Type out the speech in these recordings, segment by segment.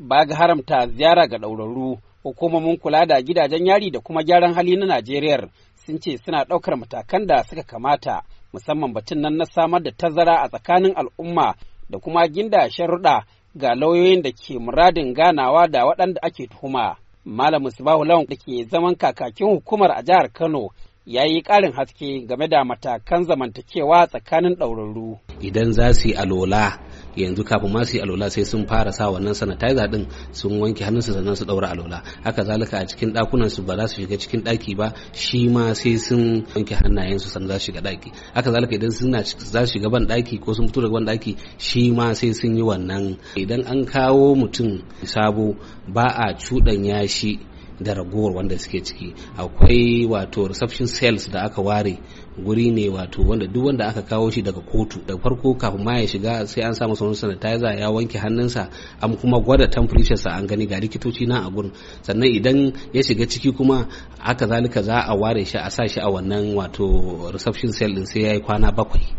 Ba ga haramta ziyara ga ɗaurarru, hukumomin kula da gidajen yari da kuma gyaran hali na Najeriya sun ce suna ɗaukar matakan da suka kamata musamman batun nan na samar da tazara a tsakanin al'umma da kuma ginda sharuɗa ga lauyoyin da ke muradin ganawa da waɗanda ake tuhuma. Malam Musbahu Lawan da ke zaman kakakin hukumar a jihar Kano ya yi ƙarin haske game da matakan zamantakewa tsakanin ɗaurarru. Idan za su yi alola yanzu kafin ma su yi alola sai sun fara sa wannan sanitizer din sun wanke hannunsu sannan su daura alola haka zalika a cikin dakunan su ba za su shiga cikin daki ba shi ma sai sun wanke hannayensu sannan za su shiga daki haka zalika idan suna za su shiga ban daki ko sun fito daga ban daki shi ma sai sun yi wannan idan an kawo mutum sabo ba a cuɗanya shi da ragowar wanda suke ciki akwai wato reception cells da aka ware guri ne wato wanda duk wanda aka kawo shi daga kotu da farko kafin ma ya shiga sai an sa masa sanitizer ya wanke hannunsa an kuma gwada temperature sa an gani ga likitoci na a gurin sannan idan ya shiga ciki kuma aka zalika za a ware shi a sa shi a wannan wato reception cell din sai ya yi kwana bakwai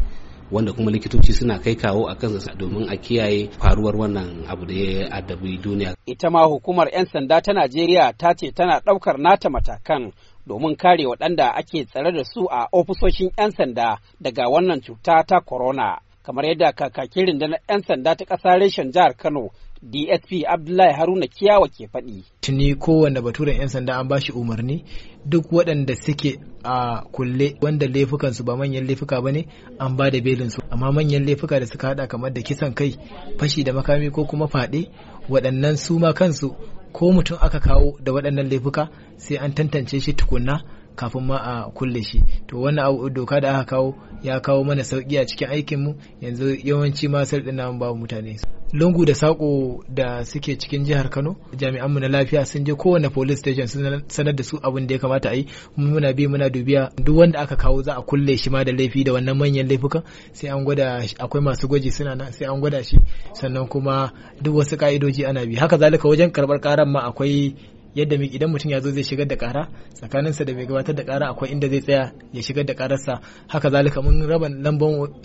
wanda kuma likitoci suna kai kawo a kansa domin a kiyaye faruwar wannan abu da ya addabi duniya. Ita ma hukumar 'yan sanda ta Najeriya ta ce tana ɗaukar nata matakan domin kare waɗanda ake tsare da su a ofisoshin 'yan sanda daga wannan cuta ta corona. Kamar yadda kakakin rundunar 'yan sanda ta ƙasa reshen jihar Kano DSP Abdullahi Haruna Kiyawa ke faɗi. Tuni kowanne baturen 'yan sanda an bashi umarni duk waɗanda suke a kulle wanda laifukansu ba manyan laifuka ba ne an ba da belinsu amma manyan laifuka da suka haɗa kamar da kisan kai fashi da makami ko kuma faɗe waɗannan su ma kansu ko mutum aka kawo da waɗannan laifuka sai an tantance shi tukunna kafin ma a kulle shi to wannan abu doka da aka kawo ya kawo mana sauki a cikin aikinmu yanzu yawanci ma sarɗin namun ba mutane lungu da sako da suke cikin jihar Kano jami'anmu na lafiya sun je kowane police station sun sanar da su abin da ya kamata a yi muna bi muna dubiya duk wanda aka kawo za a kulle shi ma da laifi da wannan manyan laifukan sai an gwada akwai masu gwaji suna nan sai an gwada shi sannan kuma duk wasu ka'idoji ana bi haka zalika wajen karɓar karan ma akwai yadda idan mutum ya zo zai shigar da kara tsakaninsa da mai gabatar da kara akwai inda zai tsaya ya shigar da kararsa haka zalika mun raba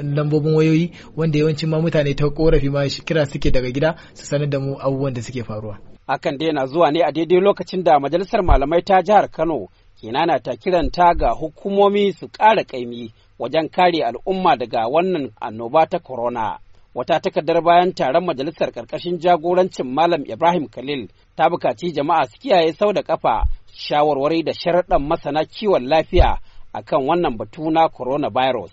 lambobin wayoyi wanda yawancin ma mutane ta korafi ma kira suke daga gida su sanar da mu abubuwan da suke faruwa hakan dai na zuwa ne a daidai lokacin da majalisar malamai ta jihar kano kinana ta kiranta ga hukumomi su ƙara ƙaimi wajen kare al'umma daga wannan annoba ta corona. wata takardar bayan taron majalisar karkashin jagorancin malam ibrahim khalil ta bukaci jama'a su kiyaye sau da kafa shawarwari da sharaɗan masana kiwon lafiya akan wannan batu na coronavirus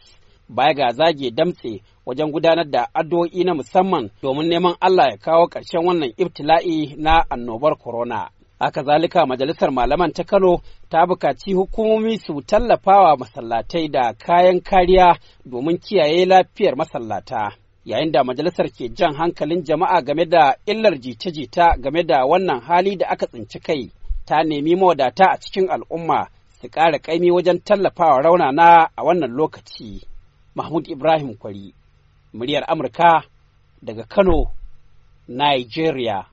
baya ga zage damtse wajen gudanar da addu'o'i na musamman domin neman allah ya kawo ƙarshen wannan ibtila'i na annobar corona haka zalika majalisar malaman ta kano ta bukaci hukumomi su tallafawa masallatai da kayan kariya domin kiyaye lafiyar masallata yayin da majalisar ke jan hankalin jama'a game da illar jita-jita game da wannan hali da aka tsinci kai ta nemi mawadata a cikin al'umma su ƙara ƙaimi wajen tallafawa raunana a wannan lokaci. Mahmud Ibrahim Kwari, muryar Amurka daga Kano, Nigeria.